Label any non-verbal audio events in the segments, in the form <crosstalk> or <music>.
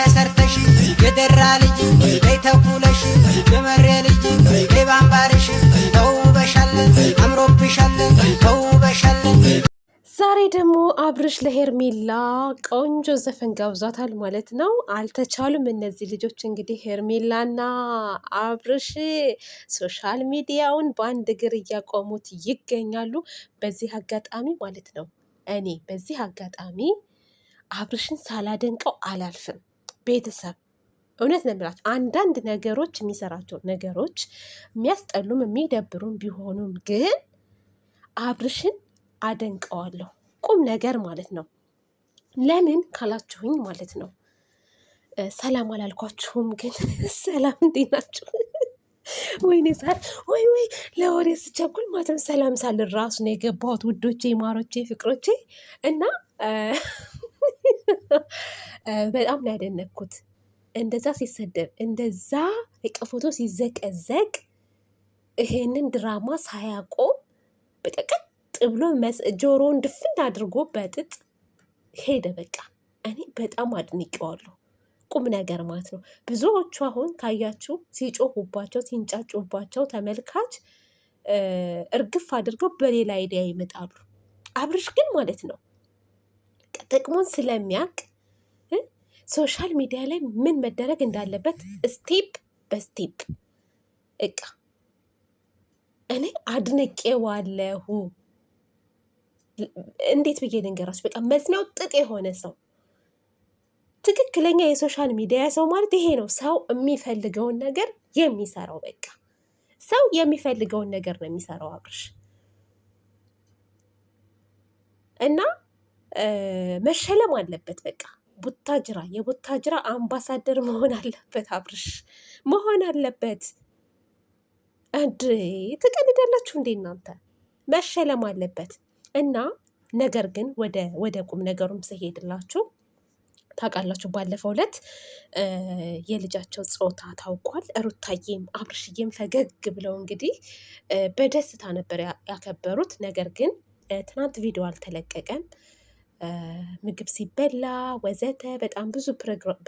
ተሰርተሽ የደራ ልጅ ተኩለሽ የመሬ ልጅ ባንባርሽ ባምባርሽ ተውበሻለን አምሮብሻለን ዛሬ ደግሞ አብርሽ ለሄርሜላ ቆንጆ ዘፈን ጋብዟታል ማለት ነው። አልተቻሉም እነዚህ ልጆች እንግዲህ ሄርሜላና አብርሽ ሶሻል ሚዲያውን በአንድ እግር እያቆሙት ይገኛሉ። በዚህ አጋጣሚ ማለት ነው እኔ በዚህ አጋጣሚ አብርሽን ሳላደንቀው አላልፍም። ቤተሰብ እውነት ነው የሚላቸው። አንዳንድ ነገሮች የሚሰራቸው ነገሮች የሚያስጠሉም የሚደብሩም ቢሆኑም ግን አብርሽን አደንቀዋለሁ። ቁም ነገር ማለት ነው። ለምን ካላችሁኝ ማለት ነው። ሰላም አላልኳችሁም፣ ግን <laughs> ሰላም እንዴት ናችሁ? <laughs> ወይኔ ሳል ወይ ወይ ለወሬ ስቸኩል ማለትም ሰላም ሳልን ራሱ ነው የገባሁት ውዶቼ፣ ማሮቼ፣ ፍቅሮቼ እና <laughs> በጣም ነው ያደነኩት። እንደዛ ሲሰደብ እንደዛ እቀ ፎቶ ሲዘቀዘቅ ይሄንን ድራማ ሳያቆም በቀቀጥ ብሎ ጆሮውን ድፍን አድርጎ በጥጥ ሄደ። በቃ እኔ በጣም አድንቄዋለሁ። ቁም ነገር ማለት ነው። ብዙዎቹ አሁን ካያችሁ ሲጮሁባቸው ሲንጫጩባቸው ተመልካች እርግፍ አድርገው በሌላ አይዲያ ይመጣሉ። አብርሽ ግን ማለት ነው ጥቅሙን ስለሚያውቅ ሶሻል ሚዲያ ላይ ምን መደረግ እንዳለበት ስቴፕ በስቴፕ እቃ እኔ አድንቄዋለሁ። እንዴት ብዬ ልንገራችሁ? በቃ መስሚያው ጥጥ የሆነ ሰው ትክክለኛ የሶሻል ሚዲያ ሰው ማለት ይሄ ነው። ሰው የሚፈልገውን ነገር የሚሰራው በቃ ሰው የሚፈልገውን ነገር ነው የሚሰራው አብርሽ እና መሸለም አለበት። በቃ ቡታጅራ የቡታጅራ አምባሳደር መሆን አለበት። አብርሽ መሆን አለበት። እንዴ ትቀልዳላችሁ እንዴ እናንተ? መሸለም አለበት እና ነገር ግን ወደ ወደ ቁም ነገሩም ስሄድላችሁ ታውቃላችሁ ባለፈው ዕለት የልጃቸው ጾታ ታውቋል። ሩታዬም አብርሽዬም ፈገግ ብለው እንግዲህ በደስታ ነበር ያከበሩት። ነገር ግን ትናንት ቪዲዮ አልተለቀቀም። ምግብ ሲበላ ወዘተ በጣም ብዙ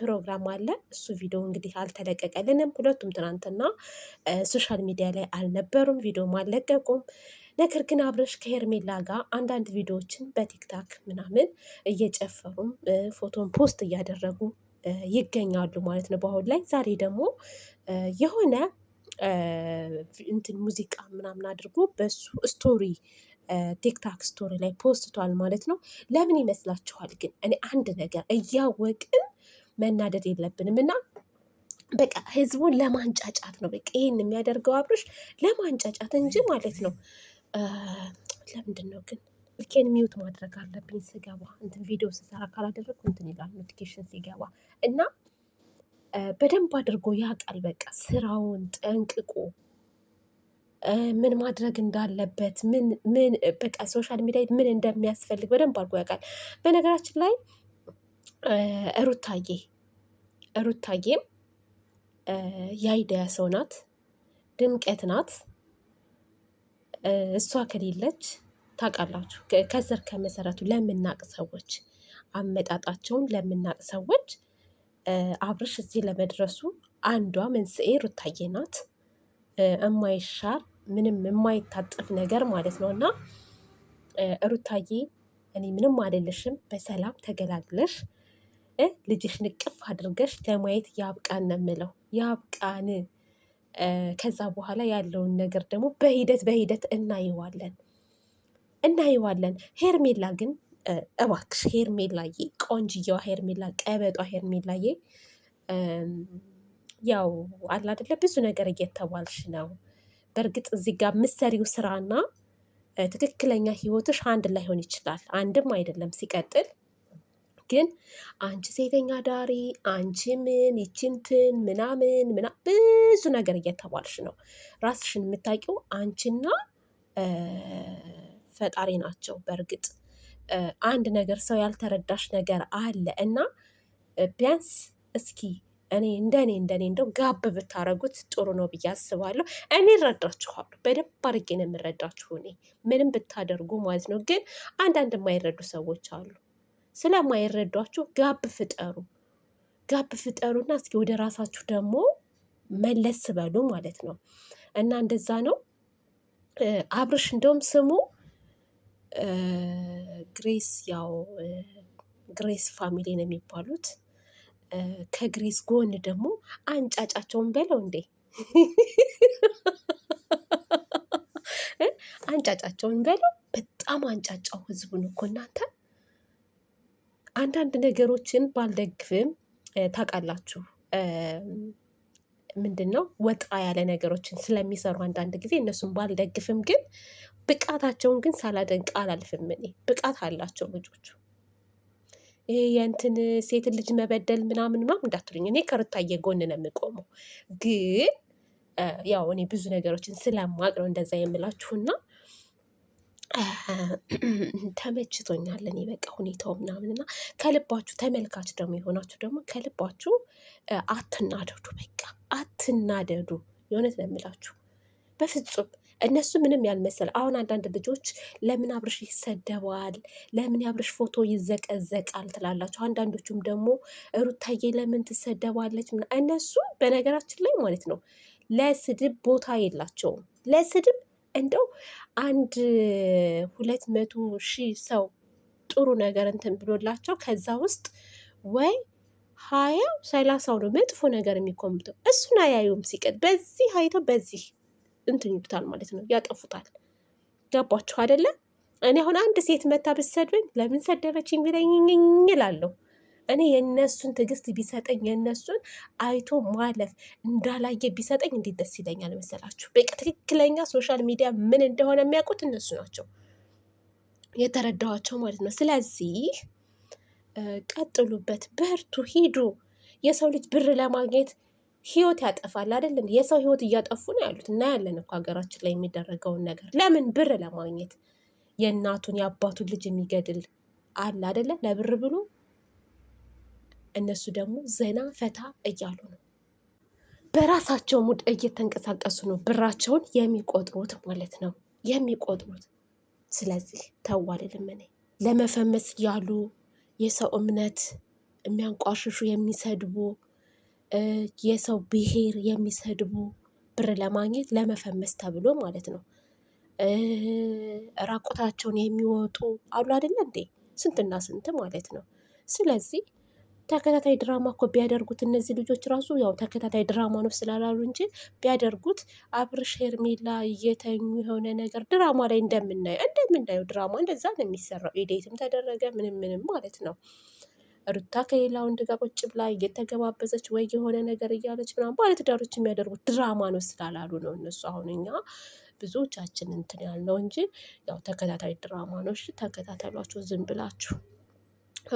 ፕሮግራም አለ። እሱ ቪዲዮ እንግዲህ አልተለቀቀልንም። ሁለቱም ትናንትና ሶሻል ሚዲያ ላይ አልነበሩም፣ ቪዲዮም አልለቀቁም። ነገር ግን አብረሽ ከሄርሜላ ጋር አንዳንድ ቪዲዮዎችን በቲክታክ ምናምን እየጨፈሩም ፎቶን ፖስት እያደረጉ ይገኛሉ ማለት ነው በአሁን ላይ። ዛሬ ደግሞ የሆነ እንትን ሙዚቃ ምናምን አድርጎ በሱ ስቶሪ ቲክታክ ስቶሪ ላይ ፖስትቷል ማለት ነው። ለምን ይመስላችኋል ግን? እኔ አንድ ነገር እያወቅን መናደድ የለብንም እና በቃ ህዝቡን ለማንጫጫት ነው። በቃ ይህን የሚያደርገው አብሮሽ ለማንጫጫት እንጂ ማለት ነው። ለምንድን ነው ግን ልኬን ሚውት ማድረግ አለብኝ ስገባ እንትን ቪዲዮ ስሰራ ካላደረግኩ እንትን ይላል ኖቲኬሽን ሲገባ እና በደንብ አድርጎ ያውቃል። በቃ ስራውን ጠንቅቆ ምን ማድረግ እንዳለበት ምን ምን በቃ ሶሻል ሚዲያ ምን እንደሚያስፈልግ በደንብ አድርጎ ያውቃል። በነገራችን ላይ ሩታዬ ሩታዬም የአይዲያ ሰው ናት፣ ድምቀት ናት። እሷ ከሌለች ታውቃላችሁ፣ ከስር ከመሰረቱ ለምናቅ ሰዎች አመጣጣቸውን ለምናቅ ሰዎች አብርሽ እዚህ ለመድረሱ አንዷ መንስኤ ሩታዬ ናት። የማይሻር ምንም የማይታጠፍ ነገር ማለት ነው እና ሩታዬ እኔ ምንም አልልሽም። በሰላም ተገላግለሽ ልጅሽ ንቅፍ አድርገሽ ለማየት ያብቃን ነው የምለው፣ ያብቃን። ከዛ በኋላ ያለውን ነገር ደግሞ በሂደት በሂደት እናየዋለን እናየዋለን። ሄርሜላ ግን እባክሽ ሄርሜላዬ፣ ቆንጅየዋ ሄርሜላ፣ ቀበጧ ሄርሜላዬ፣ ያው አላደለ ብዙ ነገር እየተባልሽ ነው በእርግጥ እዚህ ጋር ምሰሪው ስራና ትክክለኛ ህይወትሽ አንድ ላይሆን ይችላል። አንድም አይደለም። ሲቀጥል ግን አንቺ ሴተኛ ዳሪ፣ አንቺ ምን ይችንትን ምናምን ምና ብዙ ነገር እየተባልሽ ነው። ራስሽን የምታውቂው አንቺና ፈጣሪ ናቸው። በእርግጥ አንድ ነገር ሰው ያልተረዳሽ ነገር አለ እና ቢያንስ እስኪ እኔ እንደኔ እንደኔ እንደው ጋብ ብታረጉት ጥሩ ነው ብዬ አስባለሁ። እኔ እረዳችኋለሁ፣ በደንብ አድርጌ ነው የምረዳችሁ። እኔ ምንም ብታደርጉ ማለት ነው። ግን አንዳንድ የማይረዱ ሰዎች አሉ። ስለማይረዷችሁ ጋብ ፍጠሩ፣ ጋብ ፍጠሩና እስኪ ወደ ራሳችሁ ደግሞ መለስ በሉ ማለት ነው። እና እንደዛ ነው። አብርሽ እንደውም ስሙ ግሬስ ያው ግሬስ ፋሚሊ ነው የሚባሉት ከግሬስ ጎን ደግሞ አንጫጫቸውን በለው እንዴ አንጫጫቸውን በለው። በጣም አንጫጫው ህዝቡን እኮ እናንተ። አንዳንድ ነገሮችን ባልደግፍም ታውቃላችሁ፣ ምንድን ነው ወጣ ያለ ነገሮችን ስለሚሰሩ አንዳንድ ጊዜ እነሱን ባልደግፍም፣ ግን ብቃታቸውን ግን ሳላደንቅ አላልፍም እኔ። ብቃት አላቸው ልጆቹ። ይሄ የእንትን ሴትን ልጅ መበደል ምናምን ምናምን እንዳትሉኝ። እኔ ከሩታዬ ጎን ነው የምቆመው። ግን ያው እኔ ብዙ ነገሮችን ስለማቅ ነው እንደዛ የምላችሁና ተመችቶኛል። እኔ በቃ ሁኔታው ምናምን እና ከልባችሁ ተመልካች ደግሞ የሆናችሁ ደግሞ ከልባችሁ አትናደዱ፣ በቃ አትናደዱ። የእውነት ነው የምላችሁ በፍጹም እነሱ ምንም ያልመሰለ አሁን አንዳንድ ልጆች ለምን አብርሽ ይሰደባል፣ ለምን የአብርሽ ፎቶ ይዘቀዘቃል ትላላቸው አንዳንዶቹም ደግሞ ሩታዬ ለምን ትሰደባለች? እነሱ በነገራችን ላይ ማለት ነው ለስድብ ቦታ የላቸውም። ለስድብ እንደው አንድ ሁለት መቶ ሺህ ሰው ጥሩ ነገር እንትን ብሎላቸው ከዛ ውስጥ ወይ ሀያው ሰላሳው ነው መጥፎ ነገር የሚኮምተው እሱን አያዩም። ሲቀጥ በዚህ አይተው በዚህ እንትን ይሉታል ማለት ነው፣ ያጠፉታል። ገባችሁ አይደለ? እኔ አሁን አንድ ሴት መታ ብትሰድበኝ ለምን ሰደበች የሚለኝ እላለሁ። እኔ የእነሱን ትዕግስት ቢሰጠኝ የእነሱን አይቶ ማለፍ እንዳላየ ቢሰጠኝ እንዴት ደስ ይለኛል መሰላችሁ? በቃ ትክክለኛ ሶሻል ሚዲያ ምን እንደሆነ የሚያውቁት እነሱ ናቸው፣ የተረዳኋቸው ማለት ነው። ስለዚህ ቀጥሉበት፣ በርቱ፣ ሂዱ። የሰው ልጅ ብር ለማግኘት ህይወት ያጠፋል አይደል? የሰው ህይወት እያጠፉ ነው ያሉት። እናያለን እኮ ሀገራችን ላይ የሚደረገውን ነገር ለምን ብር ለማግኘት የእናቱን የአባቱን ልጅ የሚገድል አለ አይደለ? ለብር ብሎ እነሱ ደግሞ ዘና ፈታ እያሉ ነው። በራሳቸው ሙድ እየተንቀሳቀሱ ነው ብራቸውን የሚቆጥሩት ማለት ነው የሚቆጥሩት። ስለዚህ ተዋል ልመነ ለመፈመስ ያሉ የሰው እምነት የሚያንቋሽሹ የሚሰድቡ የሰው ብሄር የሚሰድቡ ብር ለማግኘት ለመፈመስ ተብሎ ማለት ነው። ራቁታቸውን የሚወጡ አሉ አይደለ እንዴ ስንትና ስንት ማለት ነው። ስለዚህ ተከታታይ ድራማ እኮ ቢያደርጉት እነዚህ ልጆች ራሱ ያው ተከታታይ ድራማ ነው ስላላሉ እንጂ ቢያደርጉት አብርሽ ሄርሜላ እየተኙ የሆነ ነገር ድራማ ላይ እንደምናየው እንደምናየው ድራማ እንደዛ ነው የሚሰራው ኢዴትም ተደረገ ምንም ምንም ማለት ነው። ሩታ ከሌላ ወንድ ጋር ቁጭ ብላ እየተገባበዘች ወይ የሆነ ነገር እያለች ምናምን ባለትዳሮች የሚያደርጉት ድራማ ነው ስላላሉ ነው እነሱ አሁን እኛ ብዙዎቻችን እንትን ያልነው እንጂ ያው ተከታታይ ድራማ ነው። እሺ ተከታተሏቸው ዝም ብላችሁ።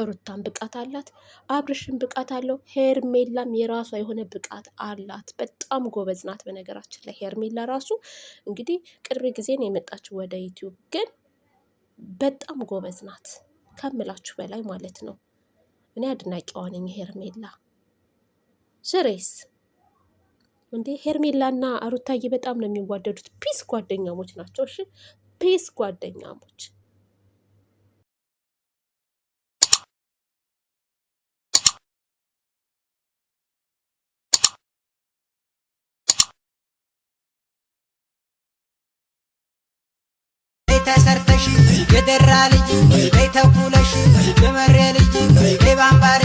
ሩታን ብቃት አላት፣ አብርሽን ብቃት አለው፣ ሄርሜላም የራሷ የሆነ ብቃት አላት። በጣም ጎበዝ ናት። በነገራችን ላይ ሄርሜላ ራሱ እንግዲህ ቅርብ ነው የመጣችው ወደ ዩቲዩብ ግን በጣም ጎበዝ ናት ከምላችሁ በላይ ማለት ነው። እኔ አድናቂዋ ነኝ ሄርሜላ። ስሬስ እንዴ ሄርሜላና አሩታዬ በጣም ነው የሚዋደዱት። ፒስ ጓደኛሞች ናቸው። እሺ ፒስ ጓደኛሞች ተሰርተሽ የደራ ልጅ ተኩለሽ የመሬ ልጅ van